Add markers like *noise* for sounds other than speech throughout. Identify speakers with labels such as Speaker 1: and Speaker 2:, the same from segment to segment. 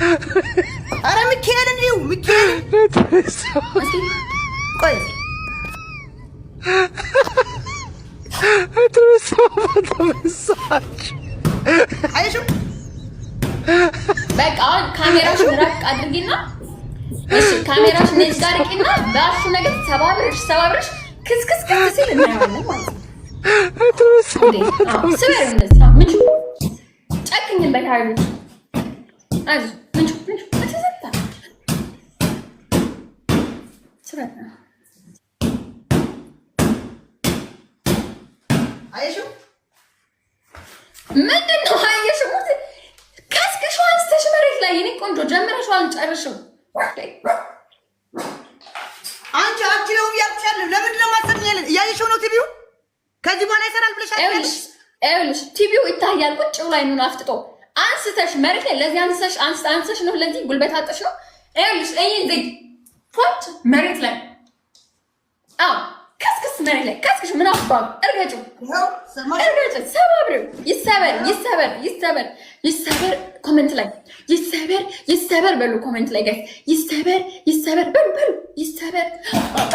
Speaker 1: Ara me querem, viu? Me querem.
Speaker 2: Assim. Coisa.
Speaker 1: Atravessou a mensagem. Hadi şu.
Speaker 2: በቃ አሁን ካሜራሽ ምራቅ አድርጊና እሺ ካሜራሽ ነጭ አድርጊና በአሹ ነገር ሰባብረሽ ሰባብረሽ ክስክስ ክስ ሲል እናየዋለን ማለት ነው። ስበር እነዛ ምንጭ ጨክኝበት አይሉ አዙ አየሽው? ምንድን ነው አየሽው? ከስክሽው አንስተሽ መሬት ላይ የኔ ቆንጆ ጀምረሽው አልጨርሽው።
Speaker 1: አንቺ አችለው ያቻለ ለምንድን ነው ማሰብ እያየሽው ነው ቲቪውን ከዚህ በኋላ ይሰራል ብለሻል።
Speaker 2: ይኸውልሽ ቲቪው ይታያል። ቁጭ ብሎ አይኑን አፍጥጦ አንስተሽ መሬት ላይ ለዚህ አንስተሽ አንስተሽ ነው ለዚህ ጉልበት አጥሽ ነው። ይኸውልሽ እኔ ፎት መሬት ላይ አዎ፣ ከስክስ መሬት ላይ ከስክሽ ምን አባብ እርገጩ፣ እርገጩ፣ ሰባብሪው፣ ይሰበር፣ ይሰበር፣ ይሰበር፣ ይሰበር፣ ኮሜንት ላይ ይሰበር፣ ይሰበር በሉ፣ ኮሜንት ላይ ጋይስ ይሰበር፣ ይሰበር በሉ፣ በሉ፣ ይሰበር፣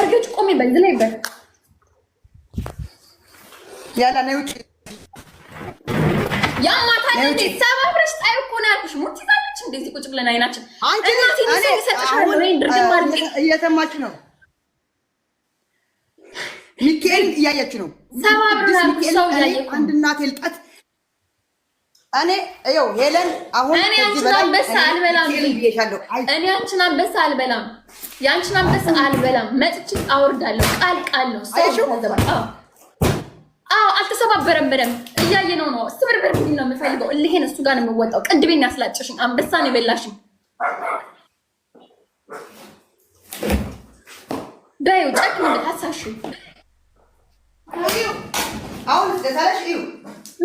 Speaker 2: እርገጩ፣ ቆሜ በል ላይ በል ያላ ነው ያማታ ነው ሰባብረሽ ጣይኩና አልኩሽ ሙቲዛ አይናችን እንደዚህ ቁጭ ብለን አይናችን
Speaker 1: እየሰማች ነው። ሚካኤል እያያችሁ ነው። አንድ እናት ልጠት እኔ ይኸው ሄለን አሁን
Speaker 2: እኔ አንቺን አንበሳ አልበላም። እኔ አንቺን አንበሳ አልበላም። የአንቺን አንበሳ አልበላም። መጥቼ አወርዳለሁ። ቃል ቃል ነው
Speaker 1: ሰው
Speaker 2: አዎ አልተሰባበረም። በደምብ እያየ ነው ነው ስብርብር ነው የምፈልገው። እልሄን እሱ ጋር ነው የምወጣው። ቅድቤን ያስላጭሽኝ አንበሳ ነው የበላሽኝ። ዳዩ ጨክ ነው ታሳሽ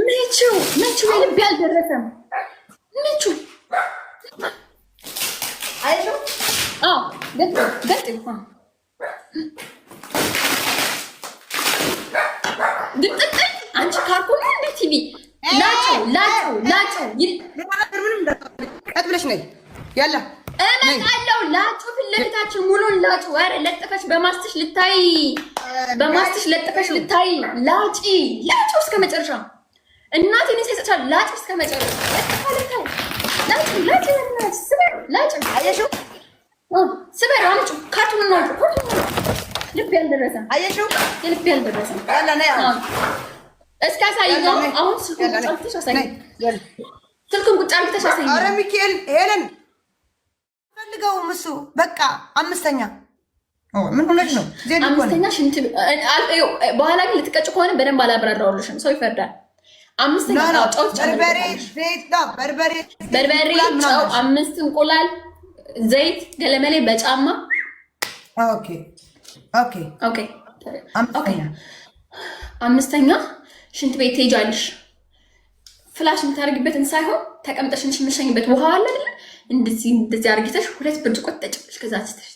Speaker 2: ምቹ ምቹ የልቤ አልደረሰም ምቹ አይ ያልደረሰም ገጥ ገጥ ቲቪ ላጨው ላጨው ላጨው
Speaker 1: ቀጥ ብለሽ ነይ ያላ
Speaker 2: እመጣለሁ። ላጩ ፊት ለፊታችን ሙሉን ላጩ። ኧረ ለጥፈሽ በማስትሽ ልታይ በማስትሽ ለጥፈሽ ልታይ ላጪ ላጩ እስከ መጨረሻ እናቴ እኔ ሳይሰጥሻል ላጩ እስከ መጨረሻ ላጩ ላጩ ስበር ላጩ አየሽው ስበር አምጪው ካርቱን ልብ ያልደረሰ አየሽው ልብ ያልደረሰ እስኪ አሳይኝ። አሁን ስልኩን ቁጭ አሳይኝ። ስልኩን ቁጭ አሳይኝ።
Speaker 1: ኧረ ሚካኤል ሄለን ፈልገውም እሱ በቃ አምስተኛ ምን ሆነች ነው
Speaker 2: አምስተኛ ሽንት በኋላ ግን ልትቀጭ ከሆነ በደንብ አላብራራሁልሽም። ሰው ይፈርዳል። አምስተኛ
Speaker 1: ጨው በርበሬ፣
Speaker 2: ጨው፣ አምስት እንቁላል፣ ዘይት፣ ገለመሌ በጫማ አምስተኛ ሽንት ቤት ትሄጃለሽ። ፍላሽ የምታደርግበትን ሳይሆን ተቀምጠሽ የምትሸኝበት ውሃ አለ እንደዚህ እንደዚህ አርጊተሽ ሁለት ብርጭቆ ትጠጪያለሽ። ከዛ ስተሽ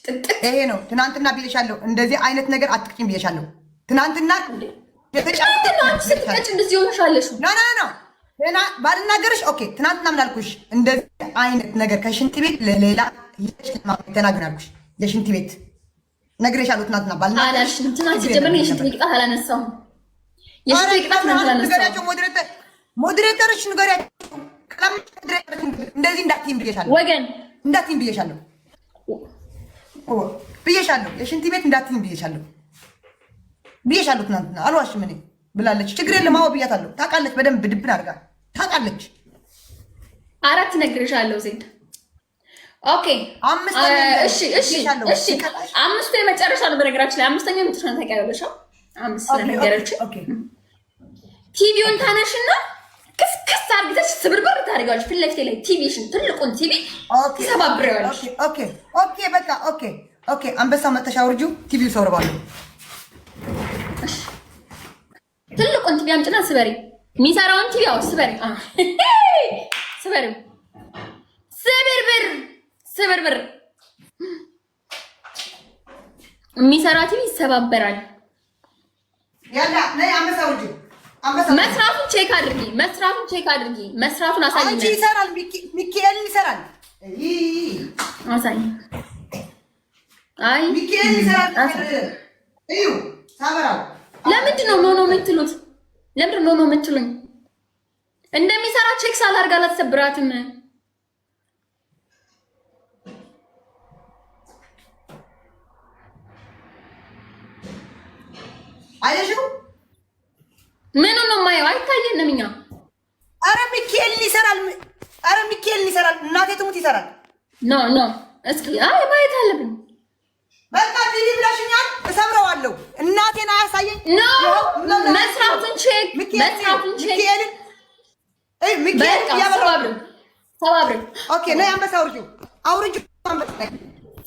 Speaker 1: ይሄ ነው ትናንትና ብዬሻለሁ፣ እንደዚህ አይነት ነገር አትቅጭም ብዬሻለሁ። ትናንትና
Speaker 2: ስትቀጭ እንደዚህ ሆነሻለሽ።
Speaker 1: ባልናገርሽ ኦኬ። ትናንትና ምናልኩሽ? እንደዚህ አይነት ነገር ከሽንት ቤት ለሌላ ተናግን አልኩሽ። የሽንት ቤት ነግሬሻለሁ። ትናንትና
Speaker 2: ባልናገርሽ ትናንት ሲጀምር የሽንት ቤት ቃል አላነሳሁም
Speaker 1: ሞዴሬተሮች ንገሪያቸው እንደዚህ እንዳትይም ብዬሻለሁ፣ ወገን እንዳትይም ብዬሻለሁ ብዬሻለሁ የሽንት ቤት እንዳትይም ብዬሻለሁ ብዬሻለሁ። ትናንትና አልዋሽም እኔ ብላለች። ችግር የለም አዎ ብያታለሁ። ታውቃለች፣ በደንብ ድብን አድርጋ ታውቃለች።
Speaker 2: አራት እነግርሻለሁ ዜድ ኦኬ አምስቱ የመጨረሻ ነው። በነገራችን ላይ አምስተኛው የምትሆነ ታውቂያለሽ። አምስት ስለነገረችኝ ቲቪውን ታነሽና ክስክስ አርግተሽ ስብርብር ታደርጊዋለሽ። ፊት ለፊቴ ላይ ቲቪሽን ትልቁን ቲቪ ሰባብሬዋለሽ።
Speaker 1: በቃ ኦኬ ኦኬ። አንበሳ መጠሻ ውርጁ ቲቪ ሰብርባለሁ።
Speaker 2: ትልቁን ቲቪ አምጭና ስበሪ። የሚሰራውን ቲቪ አው ስበሪ፣ ስበሪ፣ ስብርብር፣ ስብርብር። የሚሰራ ቲቪ ይሰባበራል።
Speaker 1: ያላ ነይ አንበሳ ውርጁ
Speaker 2: መስራቱን ቼክ አድርጊ። መስራቱን ቼክ አድርጊ። መስራቱን አሳይ። አንቺ
Speaker 1: ይሰራል፣ ሚካኤል ይሰራል።
Speaker 2: አሳይ። አይ
Speaker 1: ሚካኤል ይሰራል። እዩ ሳበራው።
Speaker 2: ለምንድን ነው ኖ ኖ የምትሉት? ለምንድን ነው ኖ ኖ የምትሉኝ? እንደሚሰራ ቼክ ሳላደርግ አላሰብራትም። አይደሽው የማየው አይታየንም እኛ።
Speaker 1: አረ ሚካኤልን ይሰራል፣ አረ ሚካኤልን ይሰራል። እናቴ ትሙት ይሰራል።
Speaker 2: ኖ ኖ፣ እስኪ አይ ማየት አለብን።
Speaker 1: በቃ ቲቪ ብለሽኛል፣ እሰብረዋለሁ። እናቴን አያሳየኝ።
Speaker 2: ኖ መስራቱን ቼክ መስራቱን ቼክ ሚካኤልን እይ ሚካኤል ያበራው ተባብረን
Speaker 1: ኦኬ። ነይ አንበሳ አውርጂው፣ አውርጂው አንበሳ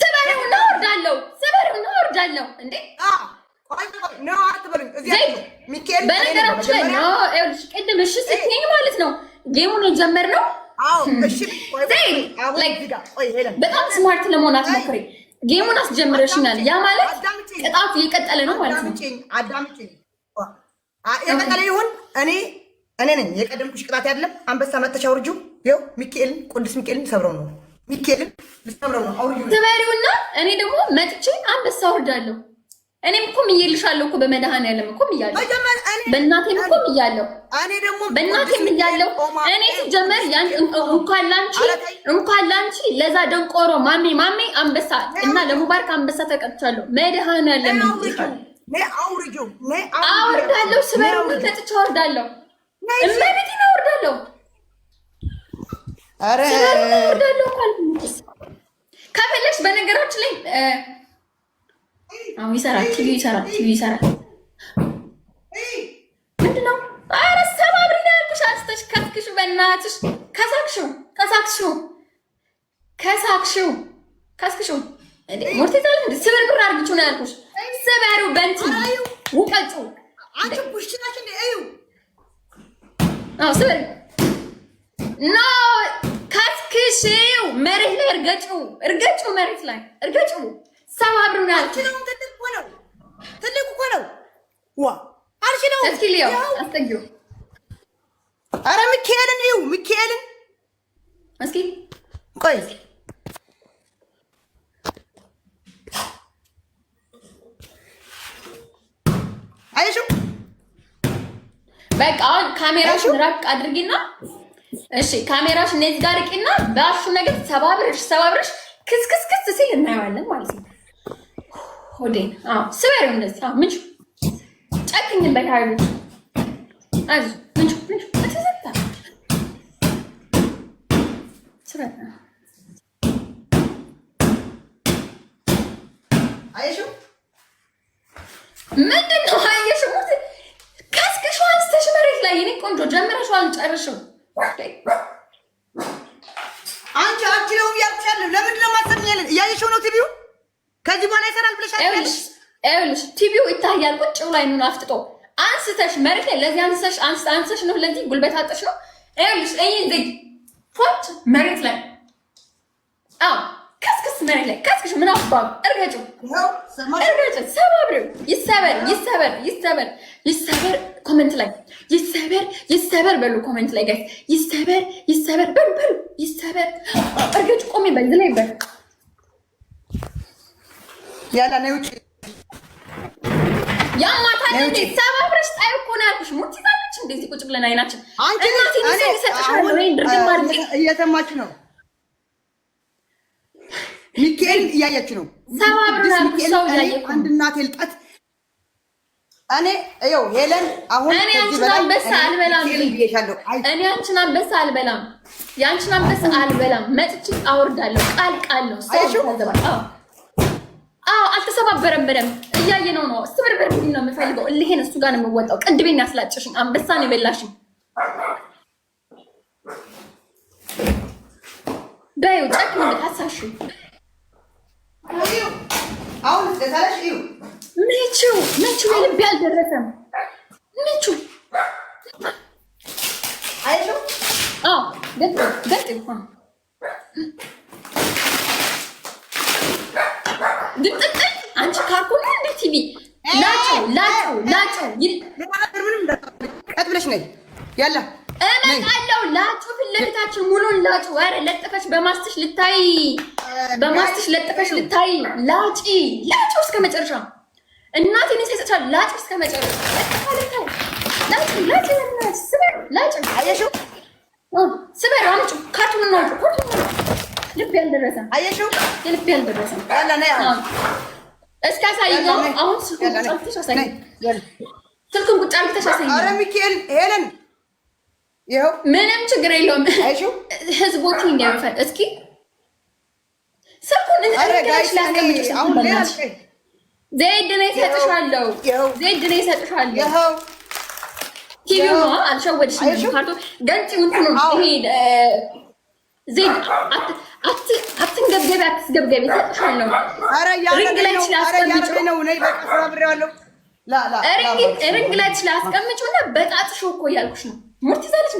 Speaker 2: ስበሪው ነው ወርዳለሁ፣ ስበሪው ነው ወርዳለሁ እንዴ በነገራችን ላይ ቅድም እሺ ስትይኝ ማለት ነው ጌሙን የጀመርነው በጣም ስማርት ለመሆን አትሞክሪ። ጌሙን አስጀምረሽኛል። ያ ማለት ቅጣቱ እየቀጠለ ነው ማለት ነው።
Speaker 1: የቀጠለ ይሁን እኔ እኔ ነኝ የቀደምኩሽ። ቅጣት ያለም አንበሳ መተሻ ውርጁ ይኸው ሚካኤልን ቅዱስ ሚካኤልን ሰብረው ነው ሚካኤልን ልሰብረው
Speaker 2: ነው ትበሪውና እኔ ደግሞ መጥቼ አንበሳ ውርዳለሁ። እኔም እኮ ምዬልሻለሁ እኮ በመድኃኒዓለም እኮ ምያለሁ፣ በእናቴም እኮ ምያለሁ፣ በእናቴም ምያለሁ። እኔ ሲጀመር እንኳን ላንቺ እንኳን ላንቺ ለዛ ደንቆሮ ማሜ ማሜ አንበሳ እና ለሙባርክ አንበሳ ተቀጥቻለሁ። መድኃኒዓለም አወርዳለሁ፣ ስበሩ ተጥቻ አወርዳለሁ፣ እመቤቴን አወርዳለሁ፣
Speaker 1: ስበሩ አወርዳለሁ።
Speaker 2: ከፈለሽ በነገራችን ላይ አሁን ይሰራል። ቲቪ ይሰራል። ቲቪ ይሰራል። ምንድነው? ኧረ ሰባብ እንዳልኩሽ አንስተሽ ከስክሽ፣ በእናትሽ ከሳክሽው፣ ከሳክሽው፣ ከሳክሽው፣ ከስክሽው እንዴ ነው ያልኩሽ። በንቲ
Speaker 1: ውቀጩ አንቺ ቡሽናሽ እንዴ እዩ
Speaker 2: አው ስብር ኖ ከስክሽው፣ መሬት ላይ እርገጩ፣ እርገጩ፣ መሬት ላይ እርገጩ ሰው አብሮ
Speaker 1: ናቸው። ትልቅ እኮ ነው፣ ትልቅ እኮ ነው። ዋ አልችለውም።
Speaker 2: እስኪ ልየው፣ አስጠጊው።
Speaker 1: አረ ሚካኤልን ይው፣ ሚካኤልን እስኪ ቆይ
Speaker 2: በቃ አሁን ካሜራሽን ራቅ አድርጊና፣ እሺ ካሜራሽ እንደዚህ ጋር ርቂና፣ በአሹ ነገር ሰባብርሽ ሰባብርሽ ክስክስክስ ሲል እናየዋለን ማለት ነው። ሆዴን ስበሬው እንደዚህ ምንጭ ጨክኝበት አሉ አዙ ምንጭ ምንጭ ተዘታ ስበታ አየሽው ምንድን ነው አየሽው? ከስክሽው አንስተሽ መሬት ላይ የኔ ቆንጆ ጀምረሽው አልጨርሽም።
Speaker 1: አንቺ አችለው ያቻለ ለምንድን ነው ማሰብ ያየሽው ነው ትቢው ከዚህ በኋላ ይሰራል ብለሽ
Speaker 2: ይኸውልሽ፣ ቲቪው ይታያል። ቁጭ ብሎ አይኑን አፍጥጦ አንስተሽ መሬት ላይ ለዚህ አንስተሽ አንስተሽ ነው ለዚህ ጉልበት አጥሽ ነው። ይኸውልሽ እኔ ፎት መሬት ላይ አዎ፣ ከስክስ መሬት ላይ ከስክሽ ምን አባብ እርገጩ እርገጩ፣ ሰባብሪው፣ ይሰበር ይሰበር ይሰበር ይሰበር፣ ኮሜንት ላይ ይሰበር ይሰበር በሉ፣ ኮሜንት ላይ ጋይስ ይሰበር ይሰበር በሉ በሉ፣ ይሰበር እርገጩ፣ ቆሜ በዚህ ላይ በሉ ያላ ነው ውጪ ያማታል እንዴ ሰባ ብረሽ ጣይ እኮ ነው ያልኩሽ። ሙት ይዛለች እንደዚህ ቁጭ ብለን አይናችን አንቺ እናት እኔ ሰጥሻለሁ ወይ
Speaker 1: ድርግም ነው። ሚካኤል እያየች ነው። አንድ እናት ልጣት እኔ ይኸው ሄለን አሁን
Speaker 2: እኔ አንቺን አንበሳ አልበላም። እኔ አንቺን አንበሳ አልበላም። የአንቺን አንበሳ አልበላም። መጥቼ አወርዳለሁ። ቃል ቃል ነው
Speaker 1: ሰው ተዘባ
Speaker 2: አዎ አልተሰባበረም። በደምብ እያየ ነው። ነው እሱ ስብርብር ነው የምፈልገው። እልሄን እሱ ጋር ነው የምወጣው። ቅድቤን ያስላጨሽኝ፣ አንበሳን ነው የበላሽኝ። በዩ ጨክ ነው ታሳሹ
Speaker 1: አሁን ስለታለሽ
Speaker 2: እዩ የልብ ያልደረሰም ምንቹ አይሉ አዎ ገጥ ገጥ አትግቢ። ላቸው ላቸው ላቸው
Speaker 1: ቀጥ ብለሽ ነይ። ያላ
Speaker 2: እመጣለሁ። ላጩ ፊት ለፊታችን ሙሉን ላጩ። ኧረ ለጥፈሽ በማስትሽ ልታይ፣ በማስትሽ ለጥፈሽ ልታይ። ላጪ ላጩ እስከ መጨረሻ እናቴ እኔ ሳይሰጥሻል ላጭ እስከ መጨረሻ ላጭ ላጭ ስበር ላጭ አየሽው፣ ስበር አምጪ፣ ካርቱን ነው ልብ ያልደረሰ አየሽው፣ ልብ ያልደረሰ ያለ ነው እስካሳይኝ አሁን ስልኩን ቁጭ አምጥተሽ አሳይኝ። ስልኩን ቁጭ አምጥተሽ አሳይኝ።
Speaker 1: ኧረ ሚካኤል ሄለን ይኸው
Speaker 2: ምንም ችግር የለውም። ህዝቦቹ እንዲያመፈል እስኪ ስልኩን ዘይድ ነው ይሰጥሻለሁ። ዘይድ ነው ይሰጥሻለሁ። ኪቪ አልሸወድሽም። ካርቶ ገንጭ ይሄ ዜድ አትንገብገቢ፣ አትስገብገቢ። ሰጥሻለሁ። ሪንግ ላይ አስቀምጪው እና በጣጥሽው እኮ እያልኩሽ ነው። ሙርት ይዛለች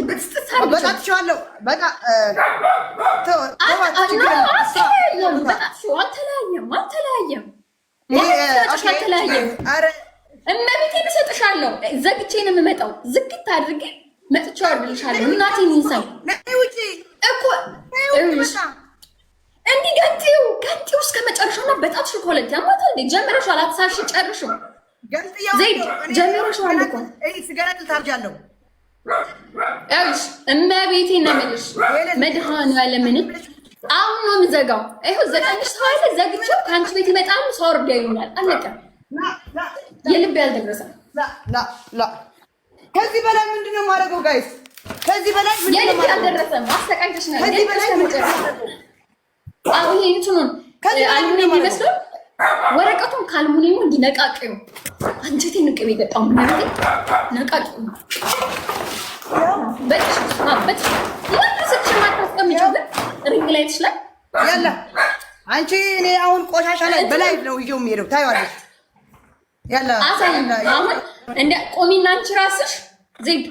Speaker 1: በጣጥሽዋለሁ።
Speaker 2: አልተለያየም፣ አልተለያየም፣ አልተለያየም። እመቤቴን እሰጥሻለሁ። ዘግቼ ነው የምመጣው። ዝግት አድርጌ መጥቼው አድርግልሻለሁ። እናቴን ይንሳኝ እኮ እንዲህ ገንጤው ገንጤው እስከ መጨረሻው እና በጣም ሽኮለት ያማታ እንዴ ጀምረሻል። አትሳሽ ጨርሽው። ዘይድ ጀምረሻል እኮ
Speaker 1: ስገረጥ ታርጃለሁ።
Speaker 2: እሺ እመቤቴ ነምልሽ መድኃኔዓለምን አሁን ነው የምዘጋው። ይኸው ዘጠኝሽ ሰው አይደል ዘግቼው ከአንቺ ቤት ይመጣም ሰው ወርዳ ይሆናል። አለቀ። የልብ ያልደረሰ
Speaker 1: ላ ላ ከዚህ በላይ ምንድን ነው የማደርገው? ጋይስ ከዚህ በላይ
Speaker 2: ምንድን ከዚህ በላይ አሁን እንትኑን ወረቀቱን ከአልሙኒየሙ እንዲነቃቂው አንጀቴ ንቅብ የገጣው ማለት ነቃቂው በጥሽ ማበት ይወጥስች ሪንግ ላይ ይችላል።
Speaker 1: ያላ አንቺ እኔ አሁን ቆሻሻ ላይ በላይ ነው ይዤው የሚሄደው ታይዋለሽ
Speaker 2: አሁን እንደ ቆሚና አንቺ ራስሽ ዜብ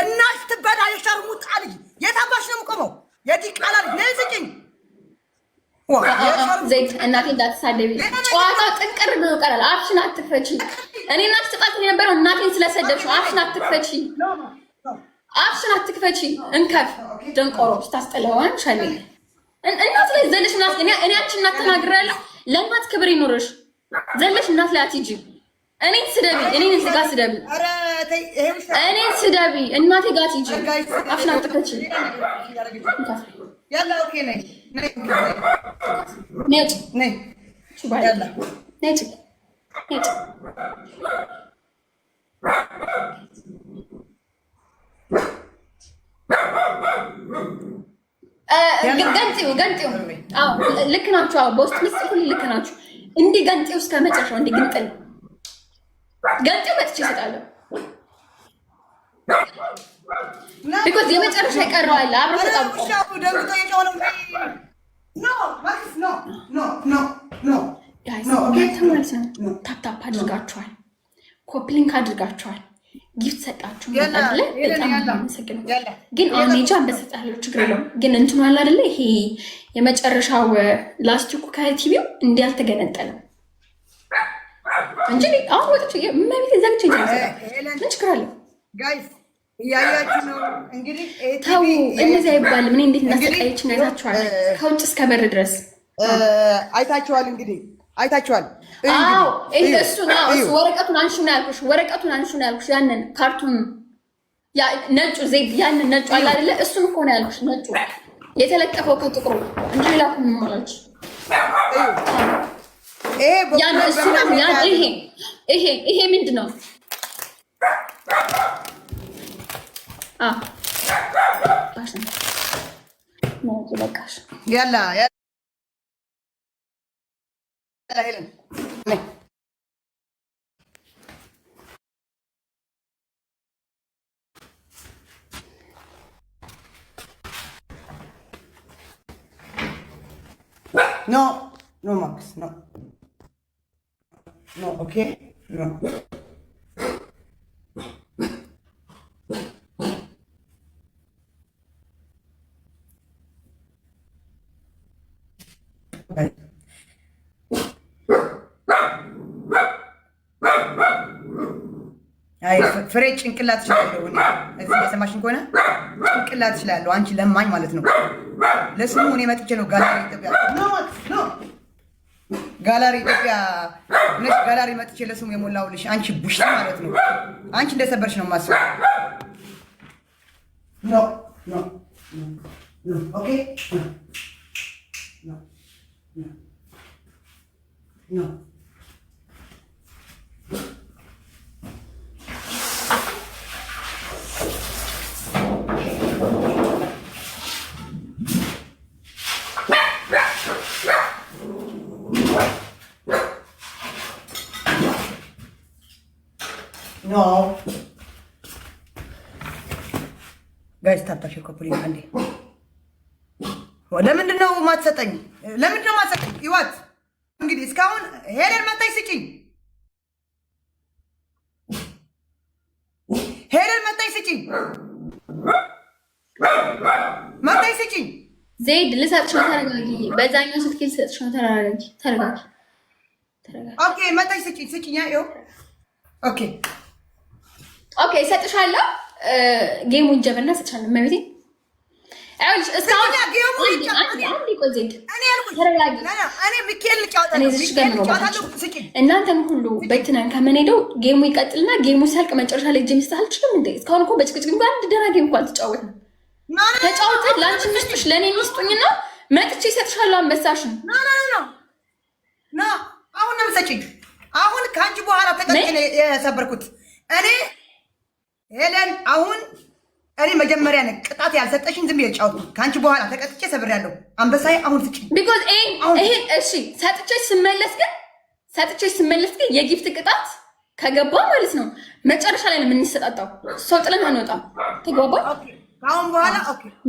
Speaker 1: እናሽ ትበዳ የሸርሙጥ አልጅ የታባሽ ነው የምቆመው። የዲቃላ ልጅ ነይ
Speaker 2: ዘይት እናቴ እንዳትሳደቢ። ጨዋታው ጥንቅር ብሎ ቀላል። አፍሽን አትፈቺ። እኔ እናት ስጣት የነበረው እናቴን ስለሰደብሽ። አፍሽን አትፈቺ፣ አፍሽን አትክፈቺ። እንከፍ ደንቆሮ ስታስጠለዋን ሸኔ እናት ላይ ዘለሽ ናት። እኔ አንቺ እናት ተናግሬያለሁ ለእናት ክብር ይኑርሽ። ዘለሽ እናት ላይ አትሂጂ። እኔን ስደቢ፣ እኔን እዚህ ጋር ስደቢ፣ እኔን ስደቢ። እናቴ ጋር አትሂጂ። አፍሽን አጥቅች። ነጭ ገንጤው ገንጤው ልክ ናችሁ። በውስጥ ምስ ልክ ናችሁ። እንዲህ ገንጤው እስከ መጨረሻው እንዲህ ግንጥል ገንጤው መጥቼ ይሰጣለሁ። ቢኮዝ የመጨረሻ ይቀረዋል። አብሮ ተጣብቆ ታፕታፕ አድርጋችኋል። ኮፕሊንክ አድርጋችኋል። ጊፍት ሰጣችሁ አለ። ግን አሜጃ በሰጣለው ችግር የለውም። ግን እንትኑ አለ አይደለ? ይሄ የመጨረሻው ላስቲኩ ከቲቪው እንዲህ አልተገነጠለም እንጂ አሁን ወጥቼ መቤት ዘግቼ ምን ችግር አለው? ተው እንደዚህ አይባልም። እኔ እንዴት እናሰቃየችን አይታችኋል። ከውጭ እስከ በር ድረስ
Speaker 1: አይታችኋል እንግዲህ አይታችኋል።
Speaker 2: እሱ ወረቀቱን አንሹ ነው ያልኩሽ፣ ወረቀቱን አንሹ ነው ያልኩሽ። ያንን ካርቱን ነጩ ዜግ ያንን ነጩ አለ አይደለ? እሱን እኮ ነው ያልኩሽ። ነጩ የተለጠፈው ከጥቁሩ እንጂ ሌላ ምሞላች ይሄ ምንድን ነው?
Speaker 1: ያላ Dale, Helen. No, no, Max, no. No, okay? No. ፍሬ ጭንቅላት እችላለሁ። እዚህ የሰማሽን ከሆነ ጭንቅላት እችላለሁ። አንቺ ለማኝ ማለት ነው። ለስሙ እኔ መጥቼ ነው ጋላሪ ኢትዮጵያ ጋላሪ ኢትዮጵያ ነሽ። ጋላሪ መጥቼ ለስሙ የሞላውልሽ አንቺ ቡሽ ማለት ነው። አንቺ እንደሰበርሽ ነው የማስበው። ኦኬ አባሽ ኮፕሪ አንዴ ለምንድን ነው ማትሰጠኝ? ለምንድን ነው ማትሰጠኝ? ይዋት እንግዲህ እስካሁን ሄደን መጣች ስጭኝ፣ ሄደን መጣች ስጭኝ፣ መጣች ስጭኝ።
Speaker 2: ዘይድ ልሰጥሽ ነው፣ ተረጋጊ። በዛኛው ስትኪል ልሰጥሽ ተረጋጊ፣ ተረጋጊ።
Speaker 1: ኦኬ፣ መጣች ስጭኝ፣ ስጭኛ። ኦኬ፣
Speaker 2: ኦኬ፣ እሰጥሻለሁ ጌሙን ጀበና ስቻለ መቤቴ እናንተም ሁሉ በትናን ከምን ሄደው ጌሙ ይቀጥልና ጌሙ ሲያልቅ መጨረሻ ላይ ጅም ስጥ አልችልም እንደ እስካሁን እኮ በጭቅጭቅ አንድ ደህና ጌም እኮ አልተጫወትንም። ተጫወተን ለአንቺ ሚስጡሽ ለእኔ ሚስጡኝና መጥቼ ይሰጥሻለሁ አንበሳሽን
Speaker 1: አሁን ነው የምትሰጪኝ። አሁን ከአንቺ በኋላ ተቀጥቼ የሰበርኩት እኔ ሄለን አሁን እኔ መጀመሪያ ነኝ ቅጣት ያልሰጠሽኝ ዝም የጫወት ከአንቺ በኋላ ተቀጥቼ ሰብሬያለሁ። አንበሳዬ አሁን ስጭ።
Speaker 2: ቢኮዝ ይሄን እሺ ሰጥቼሽ ስመለስ ግን ሰጥቼሽ ስመለስ ግን የጊፍት ቅጣት ከገባ ማለት ነው መጨረሻ ላይ ነው የምንሰጣጣው። ሰው ጥለን አንወጣም። ተግባባ? ከአሁን በኋላ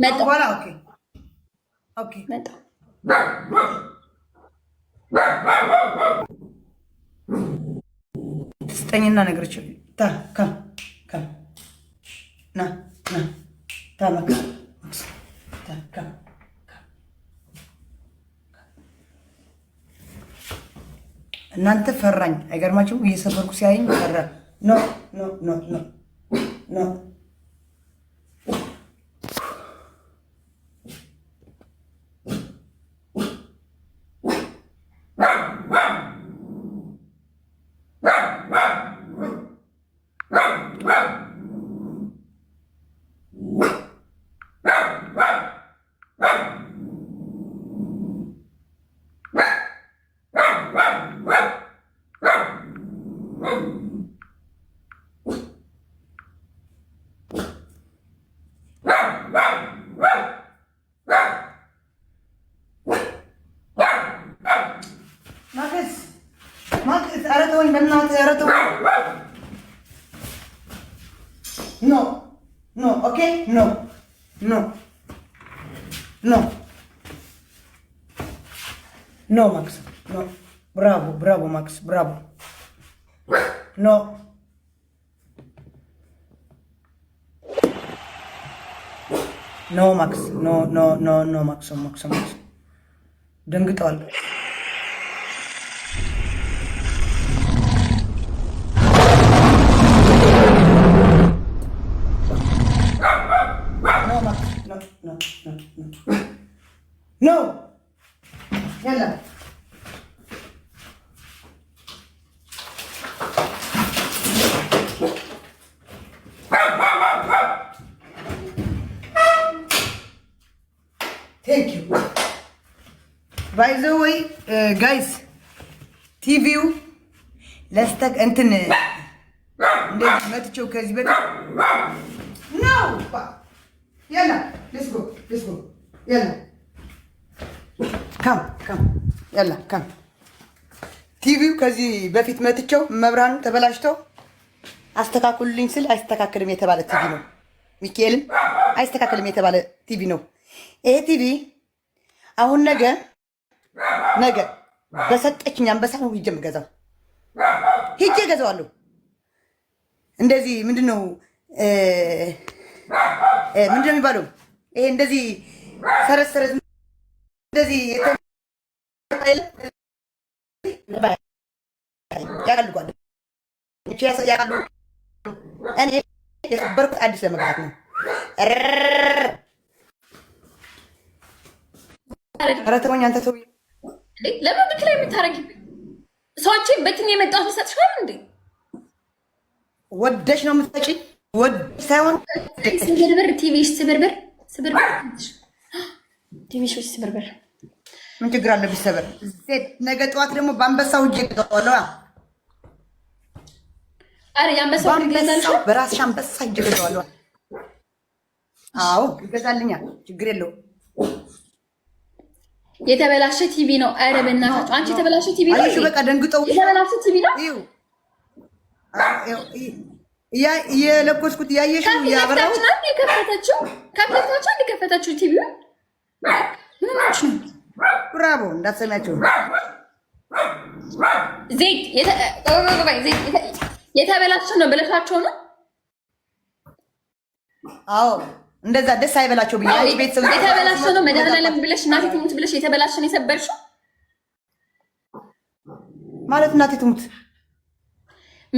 Speaker 2: መጣ
Speaker 1: መጣ ትስጠኝና ነገር ይችላል ታ ና ና ተመካ ተመካ እናንተ ፈራኝ። አይገርማችሁም? እየሰበርኩ ሲያየኝ ፈራ። ኖ ኖ ኖ ኖ ኖ ኖ ማክስ ኖ ብራቮ ብራቮ ማክስ ብራቮ ኖ ኖ ማክስ ኖ ኖ ኖ ኖ ማክስ ማክስ ማክስ ደንግጠዋል። Helal. ቴንክ ባይ ዘ ወይ ጋይስ ቲቪው ለስተ እንትን እንዴት መጥቼው ከዚህ በ ነው የላ ልስጎ ልስጎ የላ ካም ካም ያላ ካም ቲቪው ከዚህ በፊት መትቸው መብራኑ ተበላሽተው አስተካክሉልኝ ስል አይስተካከልም የተባለ ቲቪ ነው። ሚካኤልም አይስተካከልም የተባለ ቲቪ ነው። ይሄ ቲቪ አሁን ነገ ነገ በሰጠችኝ አንበሳ ነው ሂጄ የምገዛው ሂጄ ገዛዋለሁ። እንደዚህ ምንድነው ምንድነው የሚባለው ይሄ እንደዚህ ሰረዝ ሰረዝ እንደዚህ ያቀልጓል እኔ የተከበርኩት አዲስ ለመግባት ነው። ኧረ ተወኝ አንተ ሰውዬ፣
Speaker 2: ለምን ብትለኝ የምታረጊብኝ ሰዎችን በትን የመጣሁት ልሰጥሻል እንዴ?
Speaker 1: ወደሽ ነው የምትሰጪ፣ ወደሽ ሳይሆን
Speaker 2: ስብርብር ቲቪሽ ስብርብር ስብርብር *gasps* ቲቪሽ ስብርብር
Speaker 1: ምን ችግር አለው ቢሰበር? ዜድ ነገ ጠዋት ደግሞ በአንበሳው እጅ ገጠዋለዋ። አረ ያንበሳው በራስሽ አንበሳ እጅ አዎ ይገዛልኛል፣ ችግር የለው።
Speaker 2: የተበላሸ ቲቪ ነው። አረ በእናታችሁ አንቺ የተበላሸ ቲቪ
Speaker 1: ነው። በቃ ደንግጠው፣
Speaker 2: የተበላሸ ቲቪ ነው።
Speaker 1: ያ የለኮስኩት ያየሽው ያበራው
Speaker 2: ከፍታችሁ ከፍታችሁ ከፍታችሁ ቲቪው
Speaker 1: ምን ነው ብራቦ እንዳሰሚያቸው
Speaker 2: ዜድ የተበላሸ ነው ብለሻቸው ነው?
Speaker 1: አዎ እንደዛ ደስ አይበላቸው ብዬ ቤተሰብ
Speaker 2: የተበላሸ ነው መድኃኒዓለም ብለሽ እናቴ ትሙት ብለሽ የተበላሸ ነው የሰበርሽው
Speaker 1: ማለት እናቴ ትሙት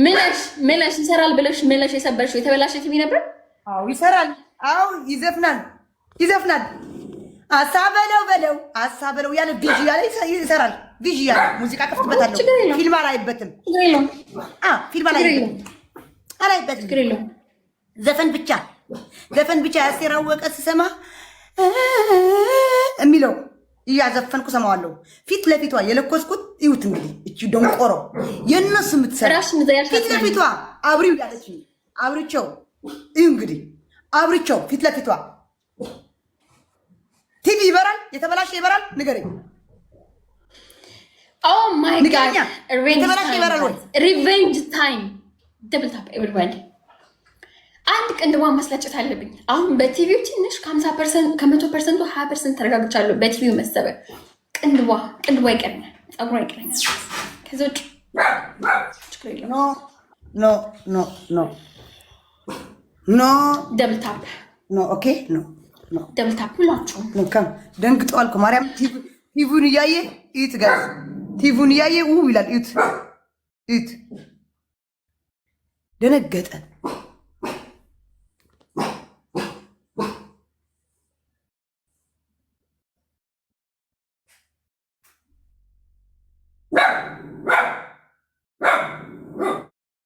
Speaker 2: ምለሽ ምለሽ ይሰራል ብለሽ ምለሽ የሰበርሽው የተበላሸ ቲቪ ነበር።
Speaker 1: አዎ ይሰራል። አዎ ይዘፍናል፣ ይዘፍናል አሳበለው በለው አሳበለው ያለ ቪዥ ያለ ይሰራል። ቪዥ ያለ ሙዚቃ ከፍትበታለሁ። ፊልም አላይበትም፣ ፊልም አላይበትም፣ አላይበትም። ዘፈን ብቻ ዘፈን ብቻ የአስቴር አወቀ ስሰማ የሚለው እያዘፈንኩ ሰማዋለሁ። ፊት ለፊቷ የለኮስኩት እዩት እንግዲህ እቺ ደንቆሮ የእነሱ የምትሰራ ፊት ለፊቷ አብሪው ያለች አብሪቸው እዩ እንግዲህ አብርቸው ፊት ለፊቷ ቲቪ ይበራል፣ የተበላሸ ይበራል። ንገረኝ።
Speaker 2: ኦ ማይ ጋድ የተበላሸ ይበራል ወይ? ሪቬንጅ ታይም ደብል ታፕ ኤቨሪባዲ። አንድ ቅንድቧን ማስላጨት አለብኝ አሁን። በቲቪው ትንሽ 50 ፐርሰንት ከመቶ ፐርሰንቱ 20 ፐርሰንት ተረጋግቻለሁ። በቲቪው መሰበር ቅንድቧ ቅንድቧ ይቀርኛል፣ ጸጉሯ ይቀርኛል። ከዚ ውጭ
Speaker 1: ችግር የለም። ኖ ኖ ኖ ኖ ደብል ታፕ ኖ ኦኬ ኖ
Speaker 2: ደብልታፕ ሁላችሁም
Speaker 1: ደንግጠዋል እኮ ማርያም ቲቪውን እያየ ኢት ጋር ቲቪውን እያየ ውብ ይላል። እዩት እዩት፣ ደነገጠ።